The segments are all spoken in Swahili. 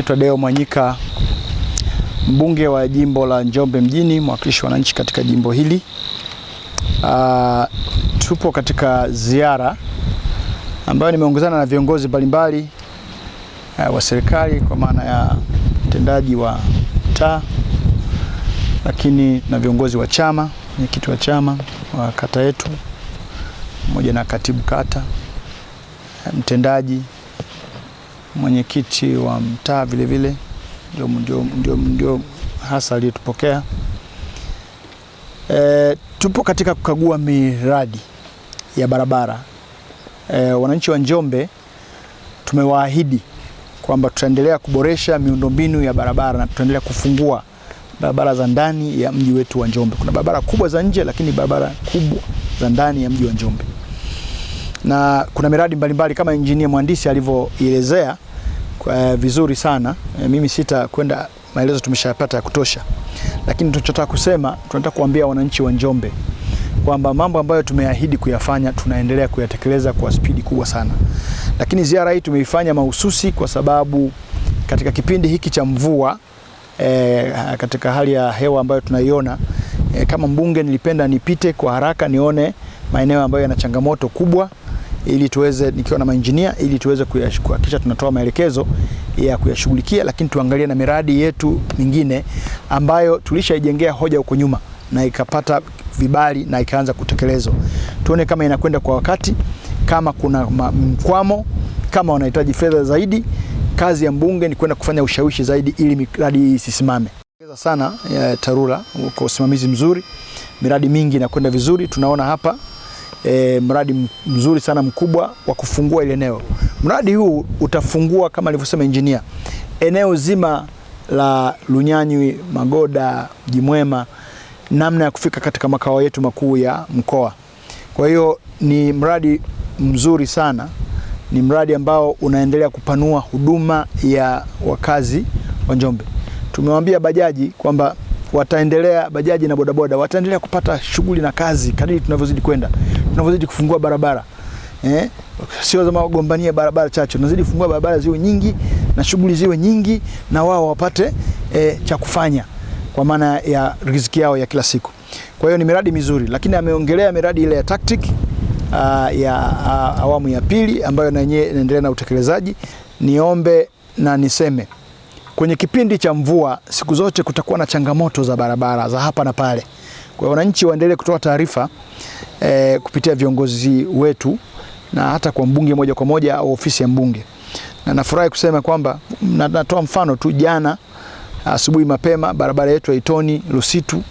Naitwa Deo Mwanyika, mbunge wa jimbo la Njombe mjini, mwakilishi wa wananchi katika jimbo hili. Uh, tupo katika ziara ambayo nimeongozana na viongozi mbalimbali uh, wa serikali kwa maana ya mtendaji wa mtaa, lakini na viongozi wa chama, mwenyekiti wa chama wa kata yetu pamoja na katibu kata, eh, mtendaji mwenyekiti wa mtaa vilevile ndio ndio hasa aliyetupokea. E, tupo katika kukagua miradi ya barabara. E, wananchi wa Njombe tumewaahidi kwamba tutaendelea kuboresha miundombinu ya barabara na tutaendelea kufungua barabara za ndani ya mji wetu wa Njombe. Kuna barabara kubwa za nje, lakini barabara kubwa za ndani ya mji wa Njombe na kuna miradi mbalimbali kama injinia mhandisi alivyoelezea uh, eh, vizuri sana E, mimi sita kwenda maelezo tumeshayapata ya kutosha, lakini tunachotaka kusema, tunataka kuambia wananchi wa Njombe kwamba mambo ambayo tumeahidi kuyafanya tunaendelea kuyatekeleza kwa spidi kubwa sana, lakini ziara hii tumeifanya mahususi kwa sababu katika kipindi hiki cha mvua e, katika hali ya hewa ambayo tunaiona e, kama mbunge nilipenda nipite kwa haraka nione maeneo ambayo yana changamoto kubwa ili tuweze, nikiwa na mainjinia, ili tuweze kuhakikisha tunatoa maelekezo ya kuyashughulikia, lakini tuangalie na miradi yetu mingine ambayo tulishaijengea hoja huko nyuma na ikapata vibali na ikaanza kutekelezwa, tuone kama inakwenda kwa wakati, kama kuna mkwamo, kama wanahitaji fedha zaidi. Kazi ya mbunge ni kwenda kufanya ushawishi zaidi ili miradi hii isisimame. Ongeza sana ya eh, TARURA kwa usimamizi mzuri, miradi mingi inakwenda vizuri, tunaona hapa e, mradi mzuri sana mkubwa wa kufungua ile eneo. Mradi huu utafungua kama alivyosema engineer, eneo zima la Lunyanywi, Magoda, Jimwema, namna ya kufika katika makao yetu makuu ya mkoa. Kwa hiyo ni mradi mzuri sana, ni mradi ambao unaendelea kupanua huduma ya wakazi wa Njombe. Tumewaambia bajaji kwamba wataendelea, bajaji na bodaboda wataendelea kupata shughuli na kazi kadiri tunavyozidi kwenda tunavyozidi kufungua barabara eh, sio za magombania barabara chache, tunazidi kufungua barabara ziwe nyingi na shughuli ziwe nyingi, na wao wapate eh, cha kufanya kwa maana ya riziki yao ya kila siku. Kwa hiyo ni miradi mizuri, lakini ameongelea miradi ile ya tactic uh, ya uh, awamu ya pili ambayo na yenyewe inaendelea na utekelezaji. Niombe na niseme kwenye kipindi cha mvua siku zote kutakuwa na changamoto za barabara za hapa na pale. Kwa hiyo wananchi waendelee kutoa taarifa e, kupitia viongozi wetu na hata kwa mbunge moja kwa moja au ofisi ya mbunge, na nafurahi kusema kwamba natoa mfano tu, jana asubuhi mapema barabara yetu ya Itoni Lusitu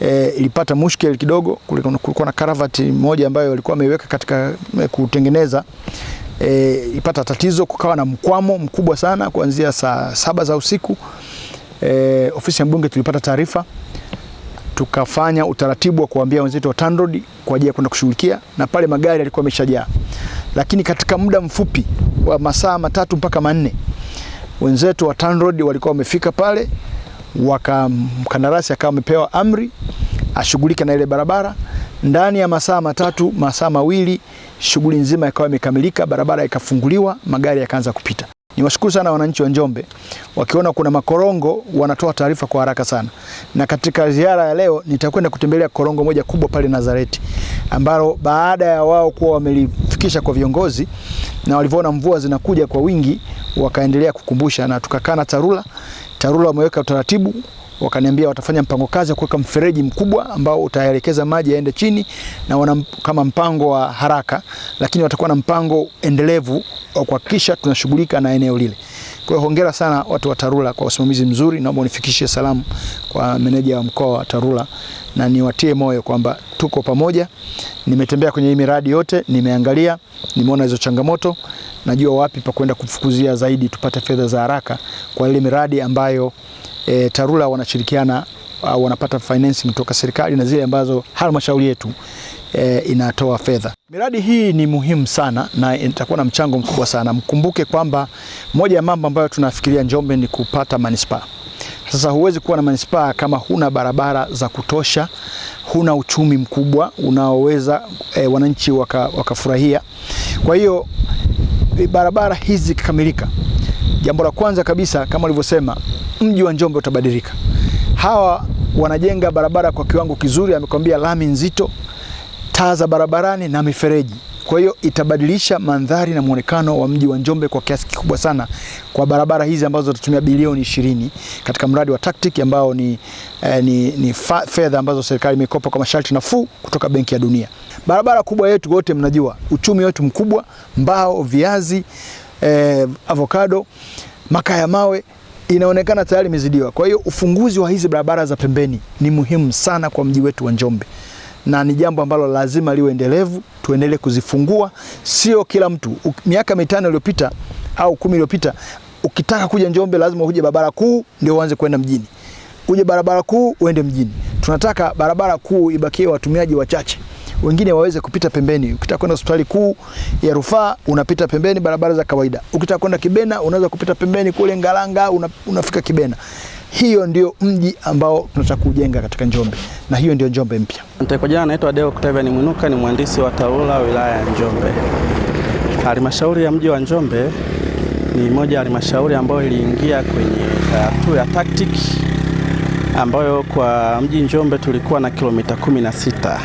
e, ilipata mushkeli kidogo. Kulikuwa na karavati moja ambayo walikuwa wameiweka katika eh, kutengeneza e, ipata tatizo, kukawa na mkwamo mkubwa sana kuanzia saa saba za usiku. E, ofisi ya mbunge tulipata taarifa tukafanya utaratibu wa kuambia wenzetu wa TANROADS kwa ajili ya kwenda kushughulikia, na pale magari yalikuwa yameshajaa, lakini katika muda mfupi wa masaa matatu mpaka manne wenzetu wa TANROADS walikuwa wamefika pale, wakamkandarasi akawa amepewa amri ashughulike na ile barabara ndani ya masaa matatu masaa mawili, shughuli nzima ikawa imekamilika, barabara ikafunguliwa, magari yakaanza kupita. Niwashukuru sana wananchi wa Njombe, wakiona kuna makorongo wanatoa taarifa kwa haraka sana, na katika ziara ya leo nitakwenda kutembelea korongo moja kubwa pale Nazareti, ambalo baada ya wao kuwa wamelifikisha kwa viongozi na walivyoona mvua zinakuja kwa wingi, wakaendelea kukumbusha na tukakaa na TARURA. TARURA wameweka utaratibu wakaniambia watafanya mpango kazi wa kuweka mfereji mkubwa ambao utaelekeza maji yaende chini na wana kama mpango wa haraka, lakini watakuwa na mpango endelevu wa kuhakikisha tunashughulika na eneo lile. Kwa hiyo hongera sana watu wa TARURA kwa usimamizi mzuri. Naomba unifikishie salamu kwa meneja wa mkoa wa TARURA na niwatie moyo kwamba tuko pamoja. Nimetembea kwenye hii miradi yote, nimeangalia, nimeona hizo changamoto, najua wapi pa kwenda kufukuzia zaidi tupate fedha za haraka kwa ile miradi ambayo e, TARURA wanashirikiana au wanapata financing kutoka serikali na zile ambazo halmashauri yetu e, inatoa fedha. Miradi hii ni muhimu sana na itakuwa na mchango mkubwa sana. Mkumbuke kwamba moja ya mambo ambayo tunafikiria Njombe ni kupata manispaa. Sasa huwezi kuwa na manispaa kama huna barabara za kutosha, huna uchumi mkubwa unaoweza e, wananchi wakafurahia waka. Kwa hiyo e, barabara hizi zikikamilika, jambo la kwanza kabisa kama ulivyosema mji wa Njombe utabadilika. Hawa wanajenga barabara kwa kiwango kizuri, amekwambia lami nzito, taa za barabarani na mifereji. Kwa hiyo itabadilisha mandhari na muonekano wa mji wa Njombe kwa kiasi kikubwa sana kwa barabara hizi ambazo tutatumia bilioni ishirini katika mradi wa TACTIC ambao ni, eh, ni, ni fedha ambazo serikali imekopa kwa masharti nafuu kutoka Benki ya Dunia. Barabara kubwa yetu wote mnajua, uchumi wetu mkubwa, mbao, viazi, eh, avocado, makaa ya mawe inaonekana tayari imezidiwa. Kwa hiyo ufunguzi wa hizi barabara za pembeni ni muhimu sana kwa mji wetu wa Njombe na ni jambo ambalo lazima liwe endelevu, tuendelee kuzifungua. Sio kila mtu u, miaka mitano iliyopita au kumi iliyopita, ukitaka kuja Njombe lazima uje barabara kuu ndio uanze kwenda mjini, uje barabara kuu uende mjini. Tunataka barabara kuu ibakie watumiaji wachache wengine waweze kupita pembeni. Ukitaka kwenda hospitali kuu ya rufaa unapita pembeni, barabara za kawaida. Ukitaka kwenda Kibena unaweza kupita pembeni kule Ngalanga una, unafika Kibena. Hiyo ndio mji ambao tunataka kujenga katika Njombe na hiyo ndio Njombe mpya. Kwa jina naitwa Deo Kutavia ni Mwinuka, ni mhandisi wa TARURA wilaya ya Njombe. Halmashauri ya mji wa Njombe ni moja ya halmashauri ambayo iliingia kwenye eh, hatua ya tactic ambayo kwa mji Njombe tulikuwa na kilomita 16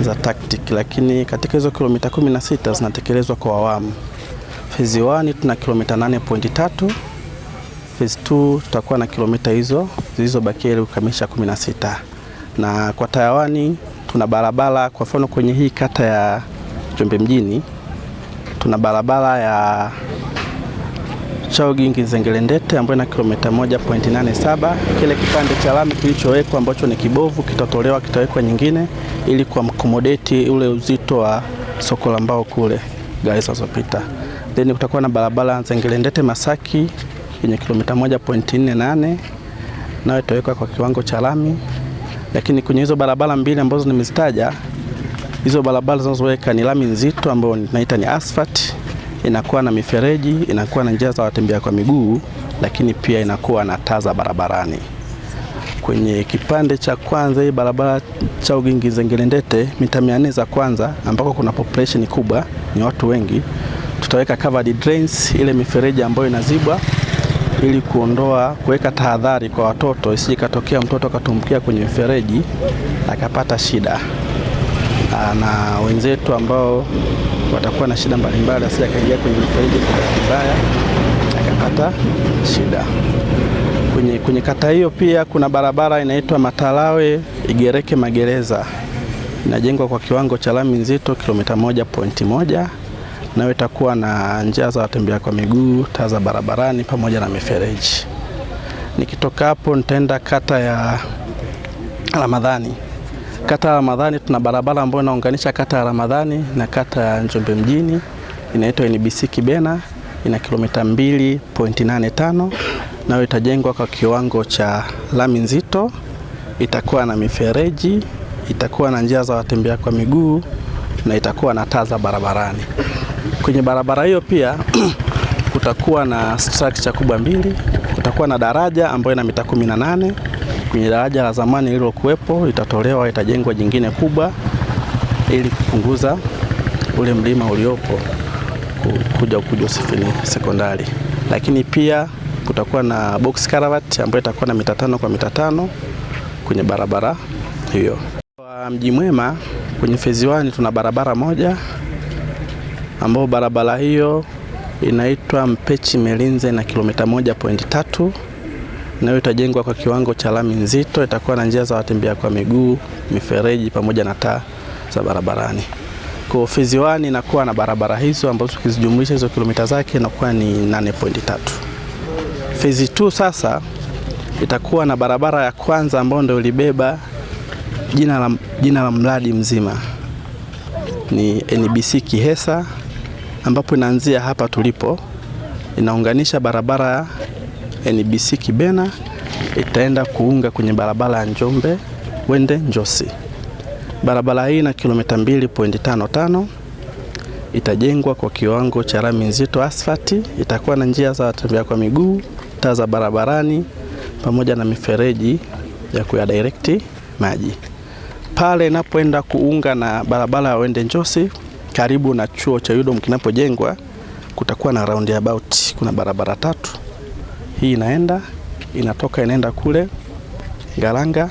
za tactic, lakini katika hizo kilomita 16 zinatekelezwa kwa awamu. Phase 1 tuna kilomita 8.3, phase 2 tutakuwa na kilomita hizo zilizobakia ili kukamilisha 16. Na kwa tayawani tuna barabara, kwa mfano kwenye hii kata ya Njombe mjini tuna barabara ya cha Ugingi Zengerendete ambayo ina kilomita 1.87. Kile kipande cha lami kilichowekwa ambacho ni kibovu kitatolewa, kitawekwa nyingine ili kuamkomodeti ule uzito wa soko la mbao kule gari zinazopita. Then kutakuwa na barabara zengelendete Masaki yenye kilomita 1.48 nayo itawekwa kwa kiwango cha lami, lakini kwenye hizo barabara mbili ambazo nimezitaja, hizo barabara zinazoweka ni lami nzito ambayo naita ni asphalt inakuwa na mifereji, inakuwa na njia za watembea kwa miguu, lakini pia inakuwa na taa za barabarani. Kwenye kipande cha kwanza hii barabara cha Ugingi Zengele mita 400 za kwanza, ambako kuna population kubwa, ni watu wengi, tutaweka covered drains, ile mifereji ambayo inazibwa ili kuondoa kuweka tahadhari kwa watoto, isije katokea mtoto akatumbukia kwenye mfereji akapata shida. Ah, na wenzetu ambao watakuwa na shida mbalimbali, asije akaingia kwenye mfereji kwa bahati mbaya akapata shida. Kwenye, kwenye kata hiyo pia kuna barabara inaitwa Matalawe Igereke Magereza inajengwa kwa kiwango cha lami nzito kilomita moja pointi moja nayo itakuwa na njia za watembea kwa miguu, taa za barabarani pamoja na mifereji. Nikitoka hapo nitaenda kata ya Ramadhani. Kata ya Ramadhani tuna barabara ambayo inaunganisha kata ya Ramadhani na kata ya Njombe mjini inaitwa NBC Kibena, ina kilomita 2.85 nayo itajengwa kwa kiwango cha lami nzito, itakuwa na mifereji, itakuwa na njia za watembea kwa miguu na itakuwa na taa za barabarani. Kwenye barabara hiyo pia kutakuwa na structure kubwa mbili, kutakuwa na daraja ambayo ina mita 18 kwenye daraja la zamani lililokuwepo litatolewa, itajengwa jingine kubwa ili kupunguza ule mlima uliopo kuja kuja Usafini Sekondari, lakini pia kutakuwa na box caravat ambayo itakuwa na mita tano kwa mita tano kwenye barabara hiyo. Kwa Mji Mwema kwenye phase One tuna barabara moja ambayo barabara hiyo inaitwa Mpechi Melinze na kilomita moja pointi tatu hiyo itajengwa kwa kiwango cha lami nzito, itakuwa na njia za watembea kwa miguu, mifereji pamoja na taa za barabarani. Kwa Fizi One inakuwa na barabara hizo ambazo ukizijumlisha hizo kilomita zake inakuwa ni 8.3. Fizi 2 sasa itakuwa na barabara ya kwanza ambayo ndio ilibeba jina la, jina la mradi mzima ni NBC Kihesa ambapo inaanzia hapa tulipo, inaunganisha barabara NBC Kibena itaenda kuunga kwenye barabara ya Njombe Wende Njosi. Barabara hii na kilomita 2.55 itajengwa kwa kiwango cha rami nzito asfalti, itakuwa na njia za watembea kwa miguu, taa za barabarani, pamoja na mifereji ya direct maji pale inapoenda kuunga na barabara ya Wende Njosi karibu na chuo cha UDOM kinapojengwa, kutakuwa na roundabout. Kuna barabara tatu hii inaenda inatoka inaenda kule Galanga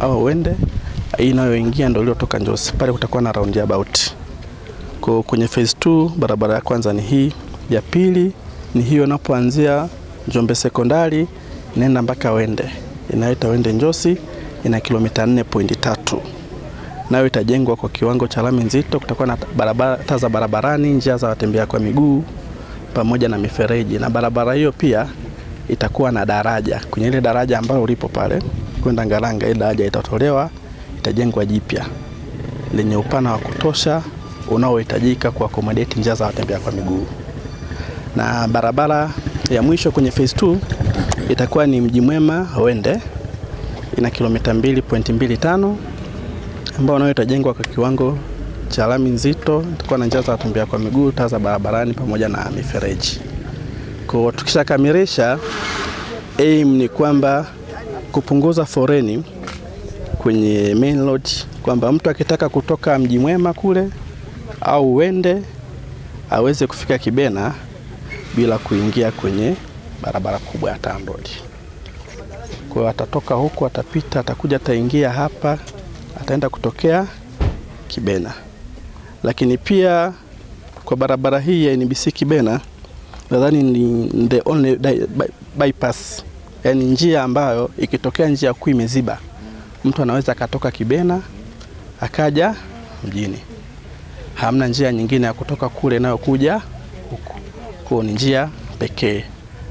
au Wende, hii inayoingia ndio iliyotoka Njosi. Pale kutakuwa na round about Kwa kwenye phase 2 barabara ya kwanza ni hii, ya pili ni hiyo inapoanzia Njombe sekondari inaenda mpaka Wende, inaita Wende Njosi, ina kilomita 4.3 nayo itajengwa kwa kiwango cha lami nzito. Kutakuwa na barabara, taa za barabarani, njia za watembea kwa miguu pamoja na mifereji, na barabara hiyo pia itakuwa na daraja kwenye ile daraja ambayo ulipo pale kwenda Ngalanga, ile daraja itatolewa, itajengwa jipya lenye upana wa kutosha unaohitajika kwa accommodate njia za watembea kwa miguu, na barabara ya mwisho kwenye phase 2 itakuwa ni Mji Mwema Wende, ina kilomita 2.25 ambayo nayo itajengwa kwa kiwango cha lami nzito, itakuwa na njia za watembea kwa miguu, taa za barabarani pamoja na mifereji. Kwa tukishakamilisha, aim ni kwamba kupunguza foreni kwenye main road, kwamba mtu akitaka kutoka Mji Mwema kule au uende aweze kufika Kibena bila kuingia kwenye barabara kubwa ya TANROADS. Kwa hiyo atatoka huku, atapita, atakuja, ataingia hapa, ataenda kutokea Kibena. Lakini pia kwa barabara hii ya NBC Kibena nadhani ni the only by, bypass, yani njia ambayo ikitokea njia kuu imeziba, mtu anaweza akatoka Kibena akaja mjini, hamna njia nyingine ya kutoka kule nayo kuja huku, kwa ni njia pekee.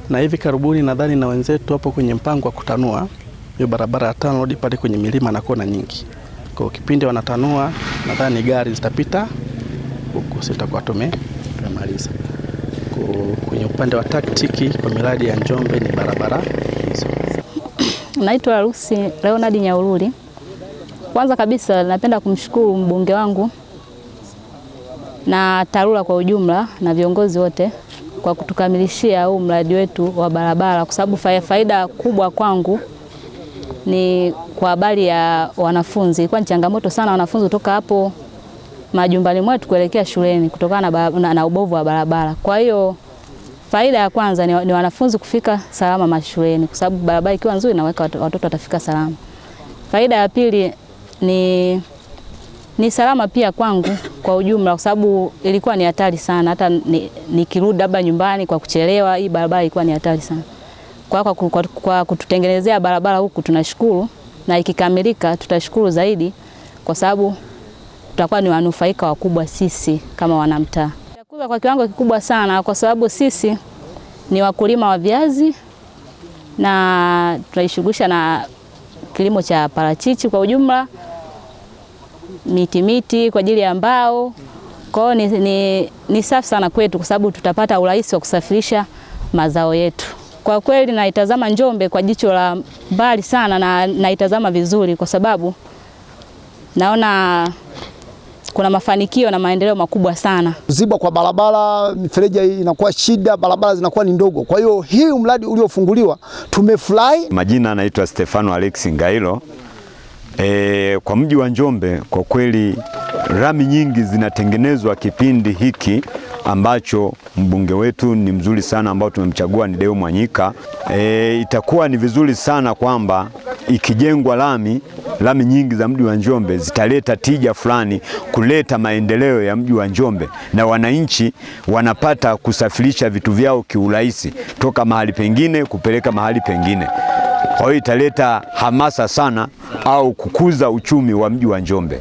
Na hivi karibuni nadhani na wenzetu hapo kwenye mpango wa kutanua hiyo barabara ya Tano hadi pale kwenye milima na kona nyingi, kwa kipindi wanatanua, nadhani gari zitapita huku, sitakuwa tumemaliza kwa upande wa taktiki kwa miradi ya Njombe ni barabara hizo. Naitwa Lucy Leonard Nyauruli. Kwanza kabisa napenda kumshukuru mbunge wangu na TARURA kwa ujumla na viongozi wote kwa kutukamilishia huu mradi wetu wa barabara, kwa sababu faida kubwa kwangu ni kwa habari ya wanafunzi. Ilikuwa ni changamoto sana wanafunzi kutoka hapo majumbani mwetu kuelekea shuleni kutokana na, na, na ubovu wa barabara. Kwa hiyo Faida ya kwanza ni, ni wanafunzi kufika salama mashuleni, kwa sababu barabara ikiwa nzuri naweka watoto watafika salama. Faida ya pili ni ni salama pia kwangu kwa ujumla, kwa sababu ilikuwa ni hatari sana. Hata nikirudi ni labda nyumbani kwa kuchelewa, hii barabara ilikuwa ni hatari sana. Kwa, kwa, kwa, kwa kututengenezea barabara huku tunashukuru, na ikikamilika tutashukuru zaidi, kwa sababu tutakuwa ni wanufaika wakubwa sisi kama wanamtaa kwa kiwango kikubwa sana, kwa sababu sisi ni wakulima wa viazi na tunaishughulisha na kilimo cha parachichi kwa ujumla, miti miti kwa ajili ya mbao. Kwa hiyo ni, ni, ni safi sana kwetu, kwa sababu tutapata urahisi wa kusafirisha mazao yetu. Kwa kweli naitazama Njombe kwa jicho la mbali sana na naitazama vizuri, kwa sababu naona kuna mafanikio na maendeleo makubwa sana. Kuzibwa kwa barabara, mifereji inakuwa shida, barabara zinakuwa ni ndogo. Kwa hiyo hii mradi uliofunguliwa tumefurahi. Majina anaitwa Stefano Alex Ngailo. E, kwa mji wa Njombe kwa kweli rami nyingi zinatengenezwa kipindi hiki ambacho mbunge wetu ni mzuri sana ambao tumemchagua ni Deo Mwanyika. E, itakuwa ni vizuri sana kwamba ikijengwa lami, lami nyingi za mji wa Njombe zitaleta tija fulani kuleta maendeleo ya mji wa Njombe, na wananchi wanapata kusafirisha vitu vyao kiurahisi toka mahali pengine kupeleka mahali pengine. Kwa hiyo italeta hamasa sana au kukuza uchumi wa mji wa Njombe.